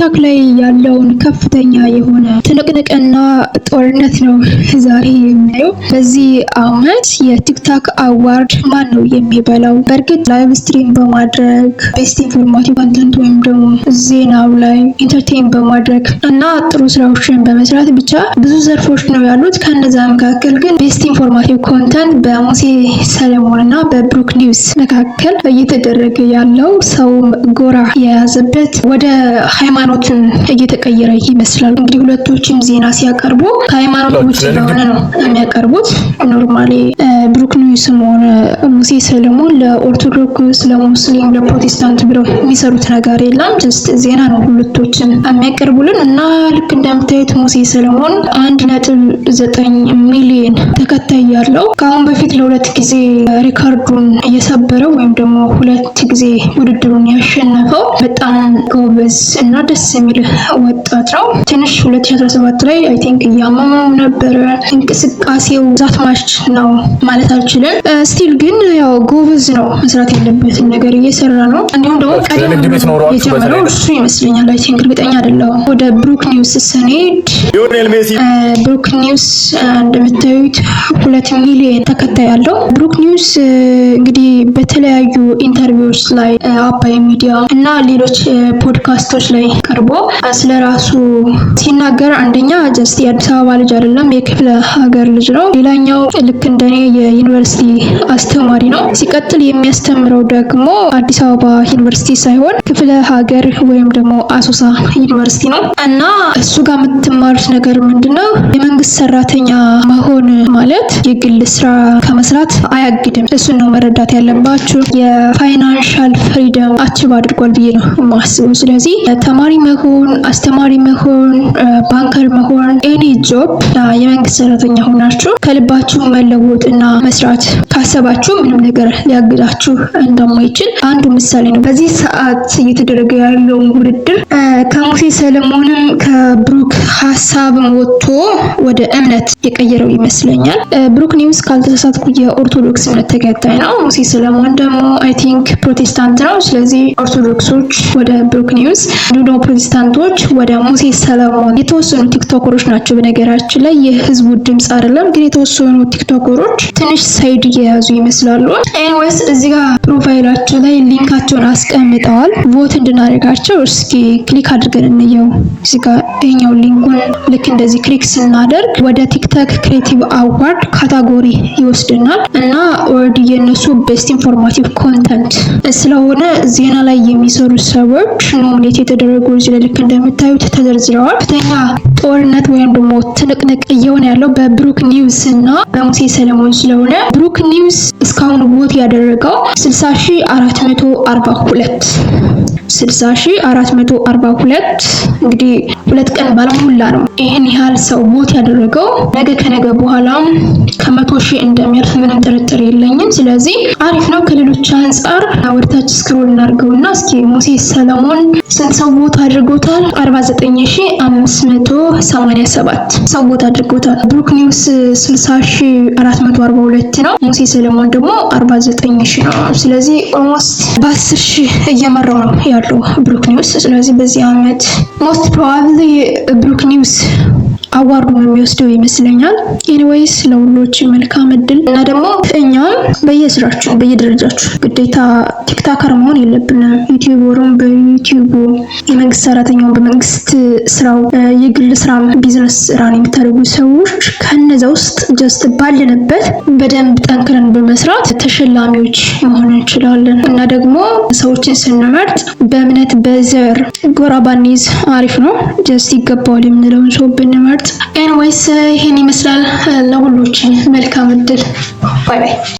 በቲክታክ ላይ ያለውን ከፍተኛ የሆነ ትንቅንቅና ጦርነት ነው ዛሬ የምናየው። በዚህ አመት የቲክታክ አዋርድ ማን ነው የሚበላው? በእርግጥ ላይቭ ስትሪም በማድረግ ቤስት ኢንፎርማቲቭ ኮንተንት ወይም ደግሞ ዜናው ላይ ኢንተርቴን በማድረግ እና ጥሩ ስራዎችን በመስራት ብቻ ብዙ ዘርፎች ነው ያሉት። ከነዛ መካከል ግን ቤስት ኢንፎርማቲቭ ኮንተንት በሙሴ ሰለሞን እና በብሩክ ኒውስ መካከል እየተደረገ ያለው ሰው ጎራ የያዘበት ወደ ሃይማኖት ሃይማኖትን እየተቀየረ ይመስላል። እንግዲህ ሁለቶችም ዜና ሲያቀርቡ ከሃይማኖት ውጭ የሆነ ነው የሚያቀርቡት። ኖርማሌ ብሩክ ኒውስም ሆነ ሙሴ ሰለሞን ለኦርቶዶክስ፣ ለሙስሊም፣ ለፕሮቴስታንት ብለው የሚሰሩት ነገር የለም። ጀስት ዜና ነው ሁለቶችም የሚያቀርቡልን እና ልክ እንደምታዩት ሙሴ ሰለሞን አንድ ነጥብ ዘጠኝ ሚሊዮን ተከታይ ያለው ከአሁን በፊት ለሁለት ጊዜ ሪካርዱን እየሰበረው ወይም ደግሞ ሁለት ጊዜ ውድድሩን ያሸነፈው በጣም ጎበዝ እና ደስ የሚል ወጣት ነው። ትንሽ 2017 ላይ አይ ቲንክ እያመመው ነበረ። እንቅስቃሴው ዛት ማች ነው ማለት አልችልም። ስቲል ግን ያው ጎበዝ ነው፣ መስራት ያለበትን ነገር እየሰራ ነው። እንዲሁም ደግሞ ቀደም የጀመረው እሱ ይመስለኛል። አይ ቲንክ እርግጠኛ አይደለሁም። ወደ ብሩክ ኒውስ ስንሄድ ብሩክ ኒውስ እንደምታዩት ሁለት ሚሊዮን ተከታይ አለው። ብሩክ ኒውስ እንግዲህ በተለያዩ ኢንተርቪዎች ላይ አባይ ሚዲያ እና ሌሎች ፖድካስቶች ላይ ቀርቦ ስለ ራሱ ሲናገር አንደኛ ጀስት የአዲስ አበባ ልጅ አይደለም፣ የክፍለ ሀገር ልጅ ነው። ሌላኛው ልክ እንደኔ የዩኒቨርሲቲ አስተማ ሲቀጥል የሚያስተምረው ደግሞ አዲስ አበባ ዩኒቨርሲቲ ሳይሆን ክፍለ ሀገር ወይም ደግሞ አሶሳ ዩኒቨርሲቲ ነው እና እሱ ጋር የምትማሩት ነገር ምንድን ነው? የመንግስት ሰራተኛ መሆን ማለት የግል ስራ ከመስራት አያግድም። እሱን ነው መረዳት ያለባችሁ። የፋይናንሻል ፍሪደም አችብ አድርጓል ብዬ ነው የማስበው። ስለዚህ ተማሪ መሆን፣ አስተማሪ መሆን፣ ባንከር መሆን፣ ኤኒ ጆብ የመንግስት ሰራተኛ ሆናችሁ ከልባችሁ መለወጥ እና መስራት ካሰባችሁ ምንም ነገር ነገር ሊያግዳችሁ እንደማይችል አንዱ ምሳሌ ነው። በዚህ ሰዓት እየተደረገ ያለውን ውድድር ከሙሴ ሰለሞንም ከብሩክ ሀሳብ ወጥቶ ወደ እምነት የቀየረው ይመስለኛል። ብሩክ ኒውስ ካልተሳሳትኩ የኦርቶዶክስ እምነት ተከታይ ነው። ሙሴ ሰለሞን ደግሞ አይ ቲንክ ፕሮቴስታንት ነው። ስለዚህ ኦርቶዶክሶች ወደ ብሩክ ኒውስ፣ እንዲሁ ደግሞ ፕሮቴስታንቶች ወደ ሙሴ ሰለሞን። የተወሰኑ ቲክቶከሮች ናቸው በነገራችን ላይ የህዝቡ ድምፅ አይደለም፣ ግን የተወሰኑ ቲክቶከሮች ትንሽ ሳይድ እየያዙ ይመስላሉ። ኤንዌስ እዚህ ጋር ፕሮፋይላቸው ላይ ሊንካቸውን አስቀምጠዋል። ቮት እንድናደርጋቸው እስኪ ክሊክ አድርገን እንየው። እዚጋ ይሄኛው ሊንኩን ልክ እንደዚህ ክሊክ ስናደርግ ወደ ቲክቶክ ክሬቲቭ አዋርድ ካታጎሪ ይወስድናል እና ኦልሬዲ የእነሱ ቤስት ኢንፎርማቲቭ ኮንተንት ስለሆነ ዜና ላይ የሚሰሩ ሰዎች ኖሚኔት የተደረጉ እዚህ ላይ ልክ እንደምታዩት ተዘርዝረዋል። ከፍተኛ ጦርነት ወይም ደግሞ ትንቅንቅ እየሆነ ያለው በብሩክ ኒውስ እና በሙሴ ሰለሞን ስለሆነ ብሩክ ኒውስ እስካሁን ቦት ያደረገው 60442 60442 እንግዲህ ሁለት ቀን ባልሞላ ነው ይህን ያህል ሰው ቦት ያደረገው። ነገ ከነገ በኋላም ከመቶ ሺህ እንደሚያልፍ ምንም ጥርጥር የለኝም። ስለዚህ አሪፍ ነው። ከሌሎች አንጻር ወደታች ስክሮል እናድርገውና እስኪ ሙሴ ሰለሞን ስንት ሰው ቮት አድርጎታል? 49587 ሰው ቮት አድርጎታል። ብሩክ ኒውስ 60442 ነው። ሙሴ ሰለሞን ደግሞ ደግሞ 49 ሺ ነው። ስለዚህ ኦልሞስት በ10 ሺህ እየመራው ነው ያለው ብሩክ ኒውስ። ስለዚህ በዚህ አመት ሞስት ፕሮባብሊ ብሩክ ኒውስ አዋርዶ የሚወስደው ይመስለኛል። ኤኒዌይስ ለሁሎች መልካም እድል እና ደግሞ እኛም በየስራችሁ በየደረጃችሁ ግዴታ ቲክታከር መሆን የለብንም። ዩቲዩበሩን በዩቲዩቡ የመንግስት ሰራተኛውን በመንግስት ስራው የግል ስራ ቢዝነስ ስራን የሚታደርጉ ሰዎች ከነዛ ውስጥ ጀስት ባለንበት በደንብ ጠንክረን በመስራት ተሸላሚዎች መሆን እንችላለን እና ደግሞ ሰዎችን ስንመርጥ በእምነት በዘር ጎራ ባንይዝ አሪፍ ነው። ጀስት ይገባዋል የምንለውን ሰው ብንመርጥ ምርጥ። ኤንዌይስ ይሄን ይመስላል። ለሁሎች መልካም እድል። ባይ ባይ